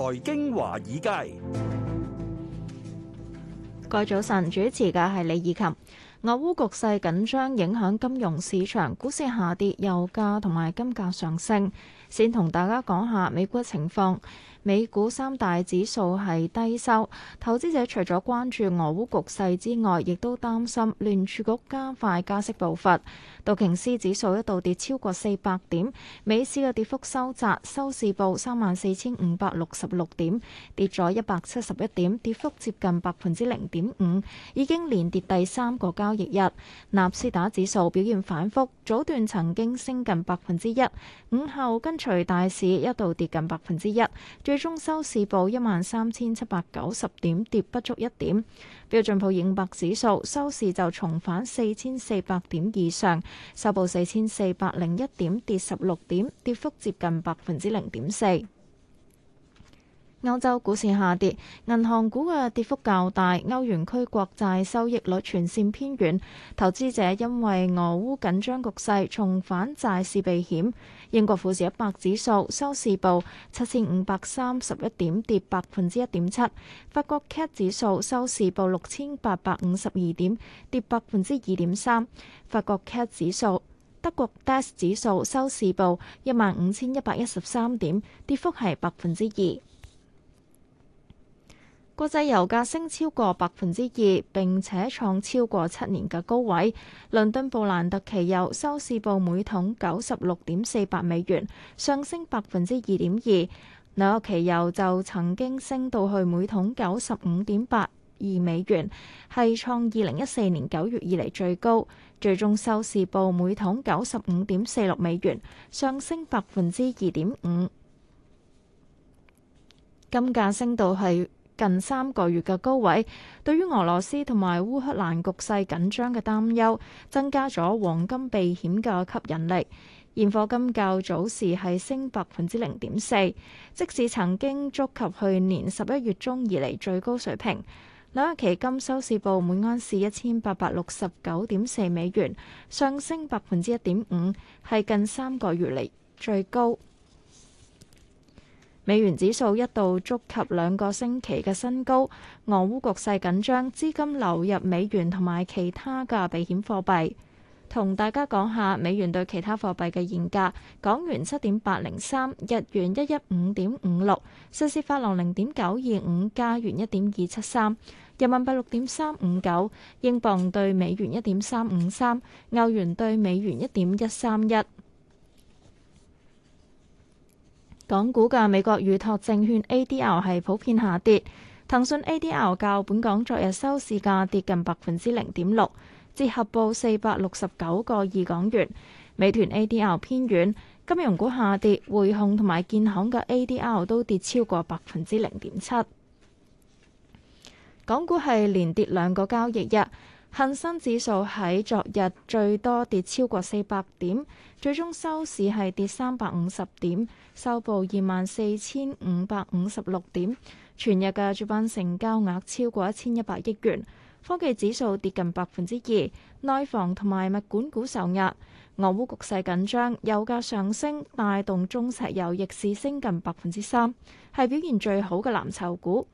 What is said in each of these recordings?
財經華爾街。各位早晨，主持嘅係李以琴。俄烏局勢緊張，影響金融市場，股市下跌，油價同埋金價上升。先同大家講下美國情況，美股三大指數係低收，投資者除咗關注俄烏局勢之外，亦都擔心聯儲局加快加息步伐。道瓊斯指數一度跌超過四百點，美市嘅跌幅收窄，收市報三萬四千五百六十六點，跌咗一百七十一點，跌幅接近百分之零點五，已經連跌第三個交易日。納斯達指數表現反覆，早段曾經升近百分之一，午後跟。除大市一度跌近百分之一，最終收市報一萬三千七百九十點，跌不足一點。標準普爾五百指數收市就重返四千四百點以上，收報四千四百零一點，跌十六點，跌幅接近百分之零點四。歐洲股市下跌，銀行股嘅跌幅較大。歐元區國債收益率全線偏軟，投資者因為俄烏緊張局勢重返債市避險。英國富時一百指數收市報七千五百三十一點，跌百分之一點七。法國 CAC 指數收市報六千八百五十二點，跌百分之二點三。法國 CAC 指數、德國 DAX 指數收市報一萬五千一百一十三點，跌幅係百分之二。國際油價升超過百分之二，並且創超過七年嘅高位。倫敦布蘭特期油收市報每桶九十六點四八美元，上升百分之二點二。紐約期油就曾經升到去每桶九十五點八二美元，係創二零一四年九月以嚟最高。最終收市報每桶九十五點四六美元，上升百分之二點五。金價升到去，近三個月嘅高位，對於俄羅斯同埋烏克蘭局勢緊張嘅擔憂，增加咗黃金避險嘅吸引力。現貨金較早時係升百分之零點四，即使曾經觸及去年十一月中以嚟最高水平。兩日期金收市報每安士一千八百六十九點四美元，上升百分之一點五，係近三個月嚟最高。美元指數一度觸及兩個星期嘅新高，俄烏局勢緊張，資金流入美元同埋其他嘅避險貨幣。同大家講下美元對其他貨幣嘅現價：港元七點八零三，日元一一五點五六，瑞士法郎零點九二五，加元一點二七三，人民幣六點三五九，英鎊對美元一點三五三，歐元對美元一點一三一。港股嘅美國預託證券 ADR 係普遍下跌，騰訊 ADR 較本港昨日收市價跌近百分之零點六，至合報四百六十九個二港元。美團 ADR 偏軟，金融股下跌，匯控同埋建行嘅 ADR 都跌超過百分之零點七。港股係連跌兩個交易日。恒生指數喺昨日最多跌超過四百點，最終收市係跌三百五十點，收報二萬四千五百五十六點。全日嘅主板成交額超過一千一百億元。科技指數跌近百分之二，內房同埋物管股受壓。俄烏局勢緊張，油價上升帶動中石油逆市升近百分之三，係表現最好嘅藍籌股。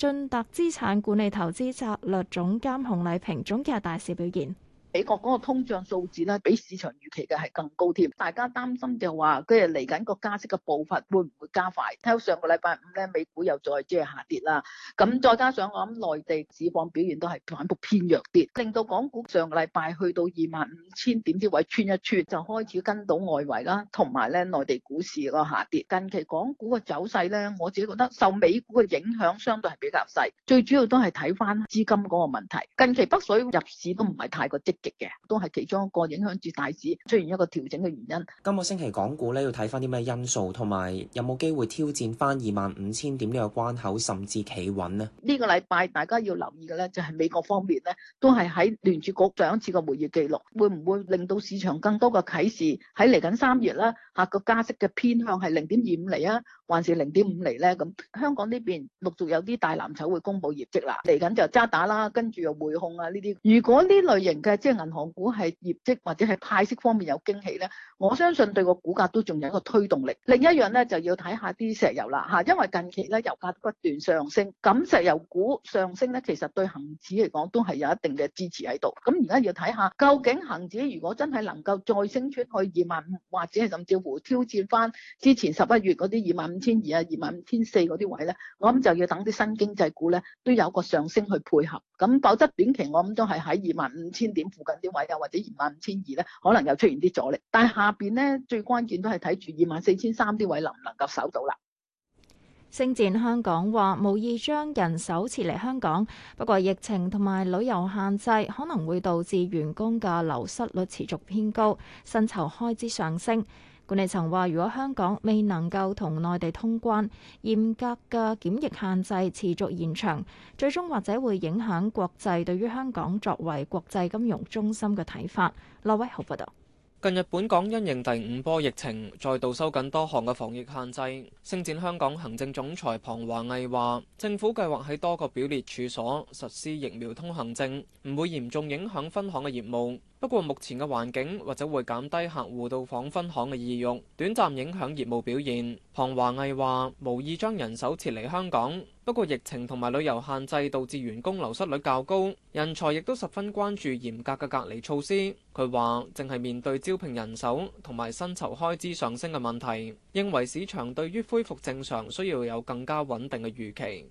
晉達資產管理投資策略總監洪禮平總結大市表現。美國嗰個通脹數字咧，比市場預期嘅係更高添，大家擔心就話，跟住嚟緊個加息嘅步伐會唔會加快？睇到上個禮拜五咧，美股又再即係下跌啦，咁再加上我諗內地市況表現都係反覆偏弱啲，令到港股上個禮拜去到二萬五千點之位寸寸，穿一穿就開始跟到外圍啦，同埋咧內地股市個下跌，近期港股嘅走勢咧，我自己覺得受美股嘅影響相對係比較細，最主要都係睇翻資金嗰個問題。近期北水入市都唔係太過積極。極嘅，都係其中一個影響住大市出現一個調整嘅原因。今個星期港股咧，要睇翻啲咩因素，同埋有冇機會挑戰翻二萬五千點呢個關口，甚至企穩呢？呢個禮拜大家要留意嘅咧，就係、是、美國方面咧，都係喺聯儲局再一次嘅會議記錄，會唔會令到市場更多嘅啟示喺嚟緊三月咧？個加息嘅偏向係零點二五厘啊，還是零點五厘咧？咁香港呢邊陸續有啲大藍籌會公布業績啦，嚟緊就渣打啦，跟住又匯控啊呢啲。如果呢類型嘅即係銀行股係業績或者係派息方面有驚喜咧，我相信對個股價都仲有一個推動力。另一樣咧就要睇下啲石油啦嚇，因為近期咧油價不斷上升，咁石油股上升咧其實對恒指嚟講都係有一定嘅支持喺度。咁而家要睇下究竟恒指如果真係能夠再升穿去二萬五或者係咁招呼。挑戰翻之前十一月嗰啲二萬五千二啊，二萬五千四嗰啲位呢，我諗就要等啲新經濟股呢都有個上升去配合咁，否則短期我諗都係喺二萬五千點附近啲位啊，或者二萬五千二呢可能又出現啲阻力。但係下邊呢，最關鍵都係睇住二萬四千三啲位能唔能夠守到啦。星展香港話，無意將人手撤離香港，不過疫情同埋旅遊限制可能會導致員工嘅流失率持續偏高，薪酬開支上升。管理層話：如果香港未能夠同內地通關，嚴格嘅檢疫限制持續延長，最終或者會影響國際對於香港作為國際金融中心嘅睇法。羅威豪報道。近日本港因應第五波疫情，再度收緊多項嘅防疫限制。星展香港行政總裁龐華毅話：政府計劃喺多個表列處所實施疫苗通行證，唔會嚴重影響分行嘅業務。不過目前嘅環境或者會減低客戶到訪分行嘅意欲，短暫影響業務表現。龐華毅話：無意將人手撤離香港，不過疫情同埋旅遊限制導致員工流失率較高，人才亦都十分關注嚴格嘅隔離措施。佢話：淨係面對招聘人手同埋薪酬開支上升嘅問題，認為市場對於恢復正常需要有更加穩定嘅預期。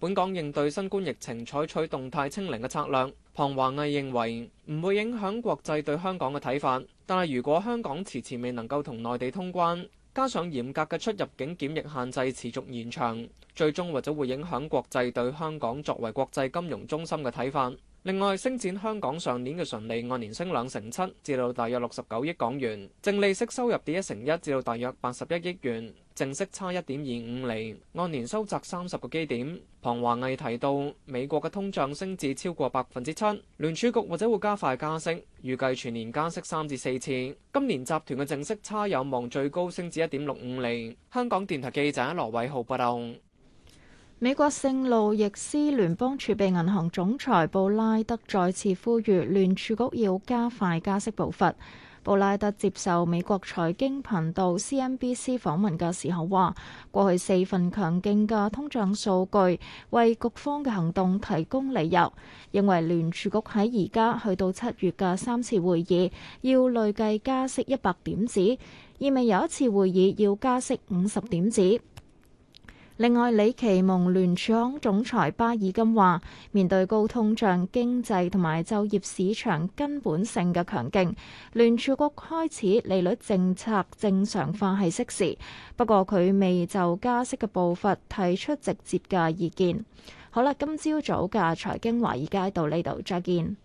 本港應對新冠疫情採取動態清零嘅策略。龐華毅認為唔會影響國際對香港嘅睇法，但係如果香港遲遲未能夠同內地通關，加上嚴格嘅出入境檢疫限制持續延長，最終或者會影響國際對香港作為國際金融中心嘅睇法。另外，星展香港上年嘅純利按年升兩成七，至到大約六十九億港元，淨利息收入跌一成一，至到大約八十一億元。淨息差一點二五厘，按年收窄三十個基點，龐華毅提到，美國嘅通脹升至超過百分之七，聯儲局或者會加快加息，預計全年加息三至四次。今年集團嘅淨息差有望最高升至一點六五厘。香港電台記者羅偉浩報道。美國聖路易斯聯邦儲備銀行總裁布拉德再次呼籲聯儲局要加快加息步伐。布拉特接受美國財經頻道 CNBC 訪問嘅時候話，過去四份強勁嘅通脹數據為局方嘅行動提供理由，認為聯儲局喺而家去到七月嘅三次會議要累計加息一百點子，意味有一次會議要加息五十點子。另外，李奇蒙聯儲行總裁巴爾金話：面對高通脹、經濟同埋就業市場根本性嘅強勁，聯儲局開始利率政策正常化係適時。不過佢未就加息嘅步伐提出直接嘅意見。好啦，今朝早嘅財經華爾街到呢度，再見。